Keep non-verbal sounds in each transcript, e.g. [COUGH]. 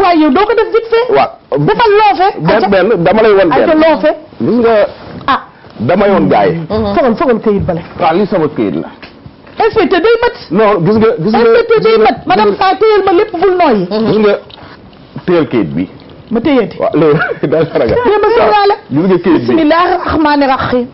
waaw yow doo ko def vite fait. waaw defal loofe. benn benn dama lay won benn ayca loofe. gis nga. ah dama yoon gars yi. fogal mm-hmm. mm-hmm. fogal këyit bale. waaw li sama këyit la. inspecteur day mat. non gis nga gis nga inspecteur day mat madame saa téyel ma lépp bul nooyi. Mm-hmm. gis nga téyel këyit bi. ma téyeeti waaw léegi daal la ragal. ma sóoraale. gis nga këyit bi bisimilah rahmaani rahim.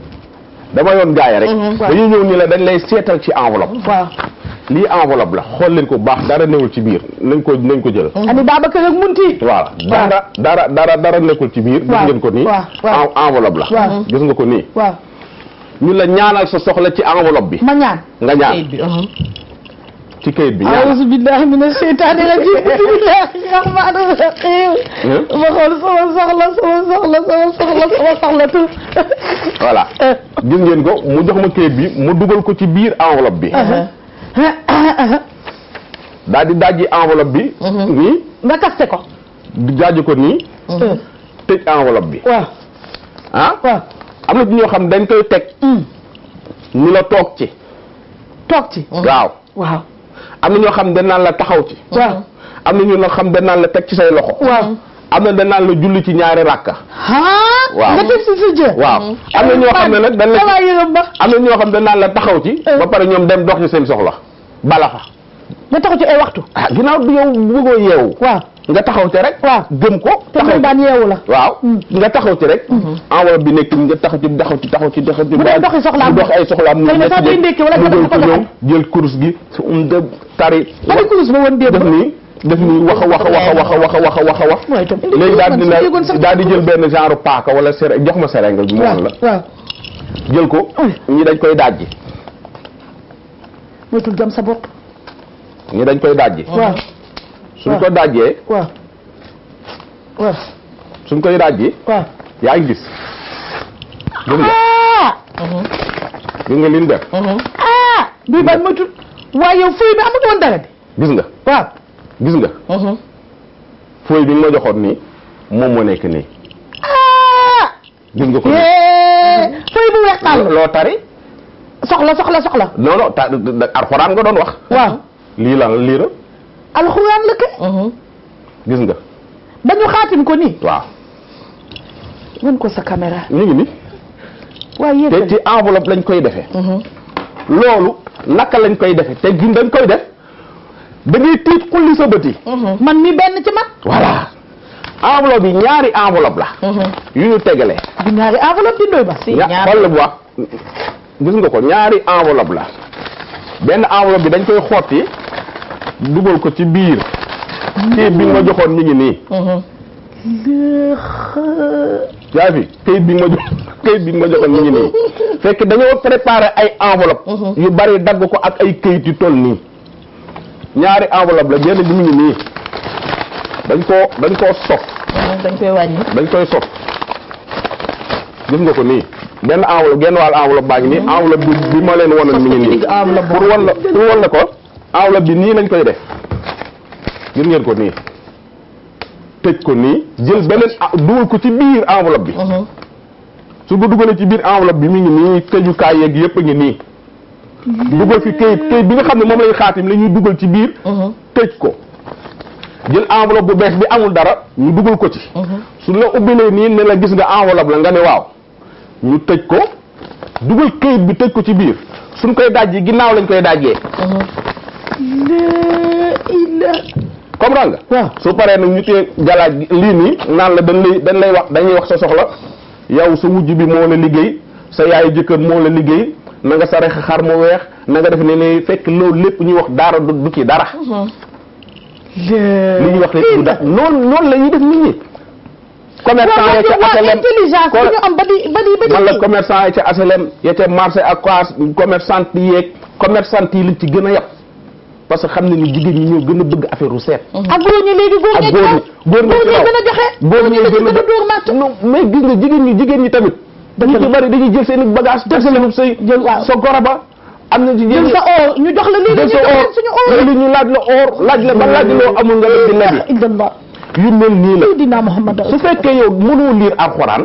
dama yoon gars yi rek. dañuy ñëw ni la dañ lay seetal ci enveloppe. waaw. lii enveloppe la xool leen ko baax dara newul ci biir nañ ko nañ ko jël ani Babacar ak munti waaw dara dara dara ci biir gis ngeen ko nii enveloppe la gis nga ko nii waaw ñu la ñaanal soxla ci enveloppe bi ma ñaan nga ñaan uh-huh. ci kayit bi ñaanal auzu billahi mina sheytaani rajiim bismillahi soxla sama soxla sama soxla eh. gis ngeen ko mu jox ma kayit bi mu dugal ko ci biir enveloppe bi uh-huh. [COUGHS] daal di dajji enveloppe bi. Mhm. nii. nga kaste ko. jaaju ko ni mhm. mm. tej enveloppe bi. wa ah wa amna ñu xam dañ koy tek mm. ni la tok ci. tok ci. Mhm. waaw waaw. amna ñu xam dañ la taxaw ci. waaw amna ñu la xam dañ la tek ci say loxo. waaw amna dañ la julli ci ñaari rakka. ha nga def ci sa jë. waaw amna ñu xam ne nag dañ la amna ñu xam dañ la taxaw ci. ba pare ñom dem dox ci seen soxla. bala fa. nga taxaw ci ay waxtu. ah ginnaaw bi yow bëggoo nga taxaw ci rek. waaw gëm ko. te man yeewu la. waaw mm. nga taxaw ci rek. Mm-hmm. enveloppe bi nekk nga taxaw ci taxaw ci taxaw ci taxaw ci. bu dee doxi soxlaam bu dox ay soxlaam. xëy na sax day ndékki wala dina kurus gi su um tari. tari kurus ba woon démb def nii. def ni wax a wax a a wax a wax a wax a wax. mooy itam daal di la daal di jël benn genre paaka wala sere jox ma sereng bi. waaw waaw mu la ko mm. ñi dañ koy daaj moytul jam sa bopp. ñi dañ koy dajji. waaw suñ ko dajjee. waaw waaw. suñ koy dajji. waaw yaa ngi gis. gis nga. Ah! Uh-huh. gis nga li ñu def. Uh-huh. Ah! bii ban moytul waaye yow fooy bi amul woon dara bi. gis nga. waaw gis nga. Uh-huh. fooy bi ma joxoon nii moom moo nekk nii. Ah! gis nga ko nii. Eh! fooy bu weex tàll loo tari. soxla soxla soxla. non non ta alxuraan nga doon wax. waaw lii lan lii la. alxuraan la uh-huh. gis nga. ba ñu xaatim ko nii. waaw. wan ko sa caméra. ñu ngi nii. te ci enveloppe lañ koy defe uh-huh. loolu naka lañ koy defee te gin dañ koy def da ngay tiit xulli sa bët uh-huh. man mi benn ci man. voilà enveloppe yi ñaari enveloppe la. yu ñu tegalee. ñaari enveloppe di ndoy ba. si ñaar xool la bu wax. gis nga ko ñaari enveloppe la benn enveloppe bi dañ koy xotti dugal ko ci biir kayit bi nga ma joxoon ñu ngi nii yaa fi kayit bi nga bi nga ma joxoon ñu nii fekk dañoo préparé ay enveloppe mhm. yu bari dagg ko ak ay kayit yu toll nii ñaari enveloppe la benn bi mu nii dañ koo dañ koo sof dañ koy wàññi dañ koy sof gis nga ko nii benn enveloppe genn wàll enveloppe baa ngi nii mm-hmm. enveloppe bi bi ma leen wanoon mi ngi nii pour wan la pour wan la ko enveloppe bi nii lañ koy def gis ngeen ko nii tëj ko nii jël beneen ah, dugal ko ci biir enveloppe bi mm-hmm. su ko dugalee ci biir enveloppe bi mi ngi nii këjukaay yeeg yëpp a ngi nii mm-hmm. dugal fi kayit kayit bi nga xam ne moom lañ xaatim la dugal ci biir tëj ko jël enveloppe bu bees bi amul dara ñu dugal ko ci su la ubbilee nii ne la gis nga enveloppe la nga ne waaw ñu tej ko dugul këyit bi tej ko ci biir suñ koy dajji ginnaw lañ koy dajje comprend nga waaw su paree nag ñu tey galaaj li ni nan la dañ lay dañ lay wax dañuy wax sa soxla yow sa wujju bi mo la liggey sa yaay jëkkër mo la liggey na nga sa xar mo weex na nga def ni ni fekk lo lepp ñu wax dara du ci dara mm-hmm. li ñuy wax lépp du dara noonu noonu def nit ñi commerçant ya ca HLM man la commerçant ya ca HLM ya ca marché ak classe commerçant yi yeeg commerçant ci gën a yab parce que xam ne ni jigéen ñi ñoo gën a bëgg affaire u seet ak góor ñi léegi góor ñi gën a joxe góor ñi gën a dóor matt non jigéen ñi jigéen ñi tamit dañu ci bari dañuy jël seen i bagage teg seen say jël sa goraba am na jigéen ñi sa or ñu jox la lii la ñu laaj la or laaj la ba laaj loo amul nga la di lebi yu mel nii la Seydina Muhammad su fekkee yow mënoo liir alxuraan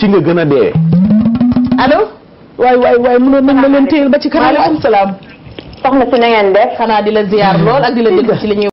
ci nga gën a deewee allo waay waay waay mënoon nañ ma leen téyel ba ci kanam waaleykum salaam soxna si na ngeen def xanaa di la ziyaar lool ak di la dégg ci li